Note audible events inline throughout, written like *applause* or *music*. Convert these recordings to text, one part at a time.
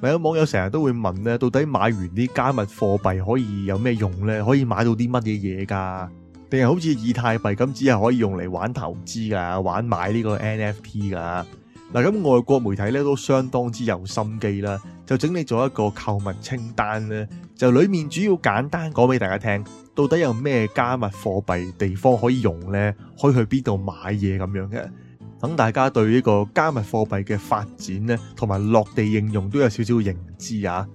嗱，有網友成日都會問咧，到底買完啲加密貨幣可以有咩用呢？可以買到啲乜嘢嘢噶？定係好似以太幣咁，只係可以用嚟玩投資噶，玩買呢個 NFT 噶？嗱，咁外國媒體咧都相當之有心機啦，就整理咗一個購物清單咧，就裏面主要簡單講俾大家聽，到底有咩加密貨幣地方可以用呢？可以去邊度買嘢咁樣嘅？等大家對呢個加密貨幣嘅發展呢同埋落地應用都有少少認知啊！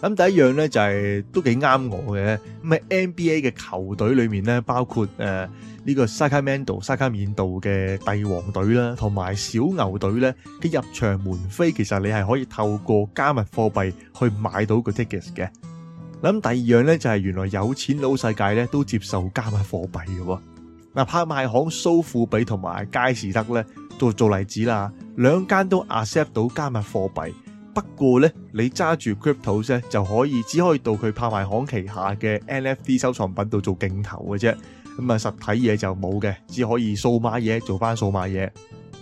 咁第一樣呢就係、是、都幾啱我嘅，咁係 NBA 嘅球隊裏面呢，包括誒呢、呃呢個薩卡曼度薩卡冕度嘅帝王隊啦，同埋小牛隊呢，嘅入場門飛，其實你係可以透過加密貨幣去買到個 tickets 嘅。咁第二樣呢，就係原來有錢佬世界呢都接受加密貨幣嘅喎。嗱拍賣行蘇富比同埋佳士得呢，做做例子啦。兩間都 accept 到加密貨幣，不過呢，你揸住 cryptos 就可以只可以到佢拍賣行旗下嘅 NFT 收藏品度做競投嘅啫。咁啊，實體嘢就冇嘅，只可以數碼嘢做翻數碼嘢。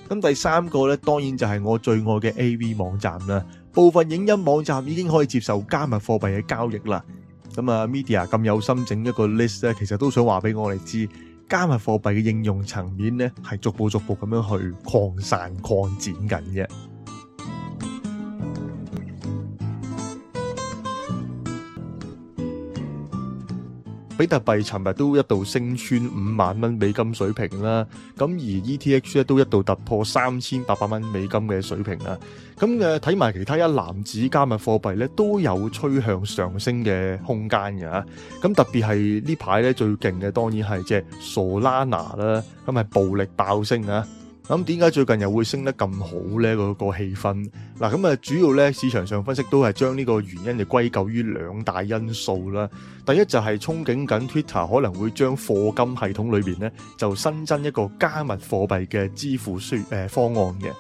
咁第三個呢，當然就係我最愛嘅 AV 網站啦。部分影音網站已經可以接受加密貨幣嘅交易啦。咁啊，Media 咁有心整一個 list 呢，其實都想話俾我哋知。加密貨幣嘅應用層面咧，係逐步逐步咁樣去擴散擴展緊嘅。比特幣尋日都一度升穿五萬蚊美金水平啦，咁而 ETH 咧都一度突破三千八百蚊美金嘅水平啦，咁誒睇埋其他一籃子加密貨幣咧都有趨向上升嘅空間㗎。咁特別係呢排咧最勁嘅當然係即係 Solana 啦，咁係暴力爆升啊！咁點解最近又會升得咁好呢？個個氣氛嗱咁啊，主要呢，市場上分析都係將呢個原因就歸咎於兩大因素啦。第一就係憧憬緊 Twitter 可能會將課金系統裏邊呢就新增一個加密貨幣嘅支付輸誒方案嘅。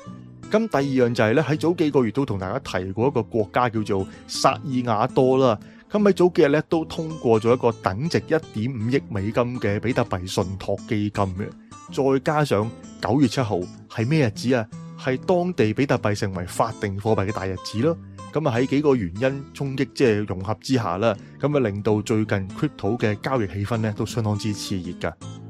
咁第二樣就係呢喺早幾個月都同大家提過一個國家叫做薩爾瓦多啦。咁喺早幾日呢都通過咗一個等值一點五億美金嘅比特幣信託基金嘅，再加上，九月七號係咩日子啊？係當地比特幣成為法定貨幣嘅大日子咯。咁啊喺幾個原因衝擊，即係融合之下啦，咁啊令到最近 Crypto 嘅交易氣氛咧都相當之熾熱㗎。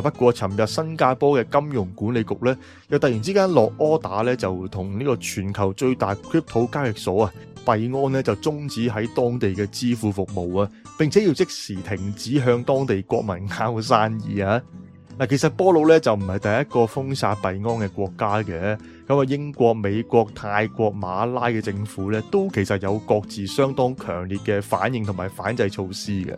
不過尋日新加坡嘅金融管理局咧，又突然之間落柯打咧，就同呢個全球最大 Crypto 交易所啊幣安咧，就終止喺當地嘅支付服務啊，並且要即時停止向當地國民交生意啊！嗱，其實波魯咧就唔係第一個封殺幣安嘅國家嘅，咁啊，英國、美國、泰國、馬拉嘅政府咧，都其實有各自相當強烈嘅反應同埋反制措施嘅。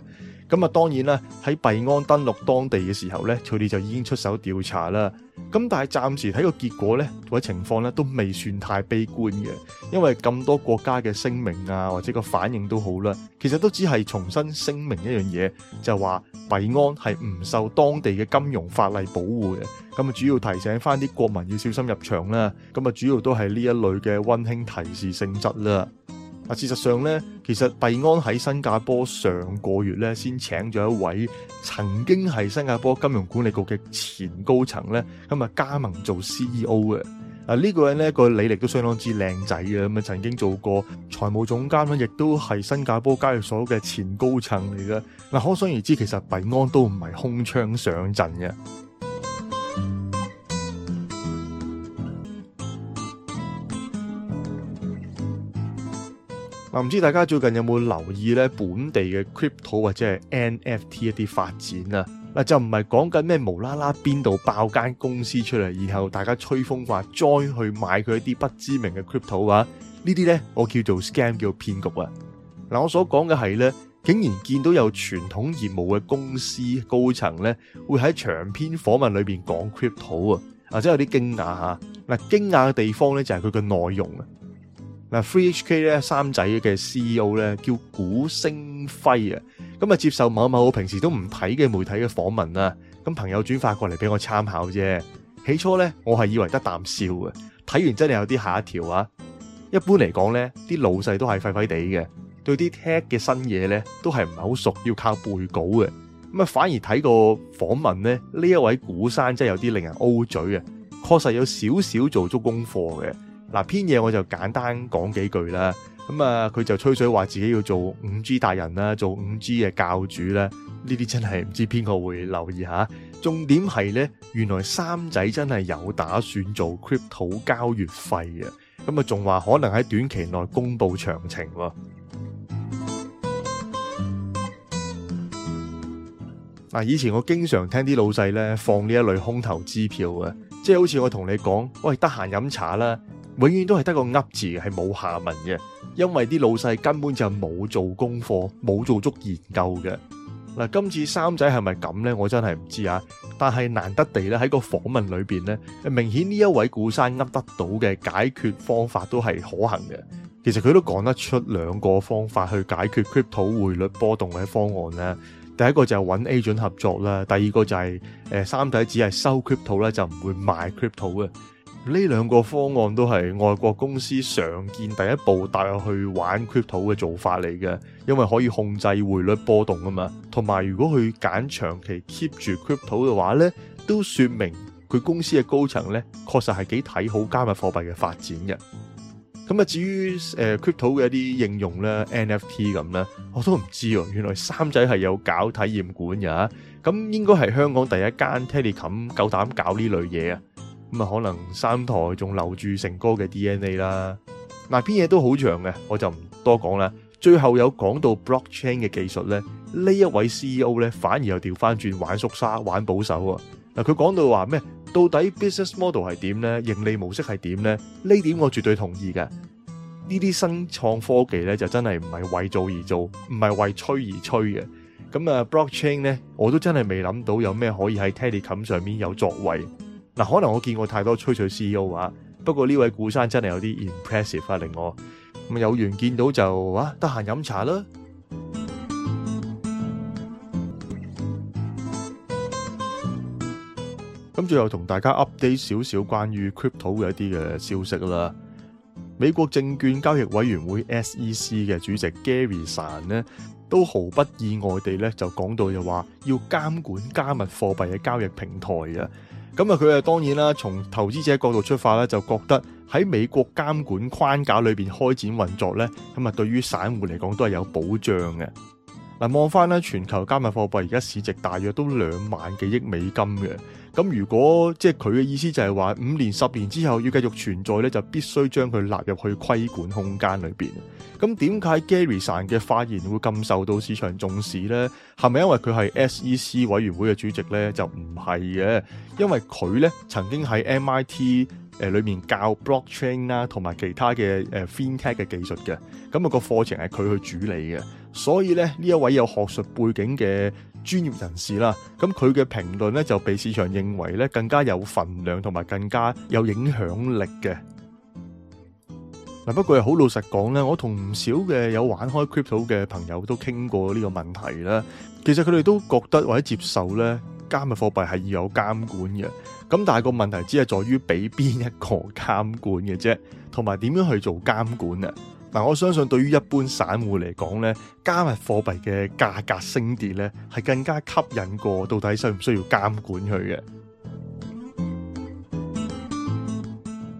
咁啊，當然啦，喺幣安登陸當地嘅時候咧，佢哋就已經出手調查啦。咁但係暫時睇個結果咧，或者情況咧都未算太悲觀嘅，因為咁多國家嘅聲明啊，或者個反應都好啦，其實都只係重新聲明一樣嘢，就係話幣安係唔受當地嘅金融法例保護嘅。咁啊，主要提醒翻啲國民要小心入場啦。咁啊，主要都係呢一類嘅溫馨提示性質啦。啊，事實上咧，其實幣安喺新加坡上個月咧，先請咗一位曾經係新加坡金融管理局嘅前高層咧，咁啊，加盟做 CEO 嘅。啊，呢個人咧，個履歷都相當之靚仔嘅，咁啊曾經做過財務總監啦，亦都係新加坡交易所嘅前高層嚟嘅。嗱，可想而知，其實幣安都唔係空槍上陣嘅。唔知大家最近有冇留意呢本地嘅 crypto 或者係 NFT 一啲發展啊？嗱，就唔係講緊咩無啦啦邊度爆間公司出嚟，然後大家吹風話再去買佢一啲不知名嘅 crypto 啊？呢啲呢，我叫做 scam，叫做騙局啊！嗱，我所講嘅係呢，竟然見到有傳統業務嘅公司高層呢，會喺長篇訪問裏邊講 crypto 啊，或者有啲驚訝吓，嗱，驚訝嘅地方呢，就係佢嘅內容啊。嗱，3 HK 咧三仔嘅 CEO 咧叫古星輝啊，咁啊接受某某我平時都唔睇嘅媒體嘅訪問啦，咁朋友轉發過嚟俾我參考啫。起初咧我係以為得啖笑嘅，睇完真係有啲嚇一跳啊！一般嚟講咧，啲老細都係廢廢地嘅，對啲 tech 嘅新嘢咧都係唔係好熟，要靠背稿嘅。咁啊反而睇個訪問咧，呢一位古山真係有啲令人 O 嘴啊，確實有少少做足功課嘅。嗱，篇嘢我就簡單講幾句啦。咁啊，佢就吹水話自己要做五 G 達人啦，做五 G 嘅教主啦。呢啲真係唔知邊個會留意下。重點係呢，原來三仔真係有打算做 crypto 交月費嘅。咁啊，仲話可能喺短期內公布詳情喎。嗱，以前我經常聽啲老細呢放呢一類空頭支票啊，即係好似我同你講，喂，得閒飲茶啦。永遠都係得個噏字，係冇下文嘅，因為啲老細根本就冇做功課，冇做足研究嘅。嗱，今次三仔係咪咁咧？我真係唔知啊！但係難得地咧，喺個訪問裏邊咧，明顯呢一位顧生噏得到嘅解決方法都係可行嘅。其實佢都講得出兩個方法去解決 crypto 匯率波動嘅方案咧。第一個就係揾 agent 合作啦，第二個就係誒三仔只係收 crypto 咧，就唔會賣 crypto 嘅。呢兩個方案都係外國公司常見，第一步踏入去玩 crypto 嘅做法嚟嘅，因為可以控制匯率波動啊嘛。同埋，如果佢揀長期 keep 住 crypto 嘅話咧，都說明佢公司嘅高層咧確實係幾睇好加密貨幣嘅發展嘅。咁啊，至於誒 crypto 嘅一啲應用咧，NFT 咁咧，我都唔知哦。原來三仔係有搞體驗館嘅吓，咁應該係香港第一間 Telecom 夠膽搞呢類嘢啊！咁啊，可能三台仲留住成哥嘅 DNA 啦。嗱，篇嘢都好長嘅，我就唔多講啦。最後有講到 blockchain 嘅技術咧，呢一位 CEO 咧反而又調翻轉玩縮沙玩保守啊。嗱，佢講到話咩？到底 business model 係點咧？盈利模式係點咧？呢點我絕對同意嘅。呢啲新創科技咧就真係唔係為做而做，唔係為吹而吹嘅。咁啊，blockchain 咧，我都真係未諗到有咩可以喺 telecom 上面有作為。嗱，可能我見過太多吹水 CEO 啊。不過呢位顧生真係有啲 impressive 啊，令我咁有緣見到就啊，得閒飲茶啦。咁 *music* 最後同大家 update 少少關於 Crypto 嘅一啲嘅消息啦。美國證券交易委員會 SEC 嘅主席 Gary San 呢都毫不意外地咧就講到，就話要監管加密貨幣嘅交易平台啊。咁啊，佢啊，當然啦，從投資者角度出發咧，就覺得喺美國監管框架裏邊開展運作呢，咁啊，對於散戶嚟講都係有保障嘅。嗱，望翻啦，全球加密貨幣而家市值大約都兩萬幾億美金嘅。咁如果即係佢嘅意思就係話，五年、十年之後要繼續存在呢，就必須將佢納入去規管空間裏邊。咁點解 Gary 善嘅發言會咁受到市場重視呢？係咪因為佢係 SEC 委員會嘅主席呢？就唔係嘅，因為佢呢曾經喺 MIT 裏面教 blockchain 啦，同埋其他嘅 FinTech 嘅技術嘅。咁、那、啊個課程係佢去主理嘅，所以呢呢一位有學術背景嘅專業人士啦，咁佢嘅評論呢，就被市場認為呢更加有份量同埋更加有影響力嘅。不過好老實講咧，我同唔少嘅有玩開 crypto 嘅朋友都傾過呢個問題啦。其實佢哋都覺得或者接受咧加密貨幣係要有監管嘅。咁但係個問題只係在於俾邊一個監管嘅啫，同埋點樣去做監管啊？嗱，我相信對於一般散戶嚟講咧，加密貨幣嘅價格升跌咧係更加吸引過到底需唔需要監管佢嘅。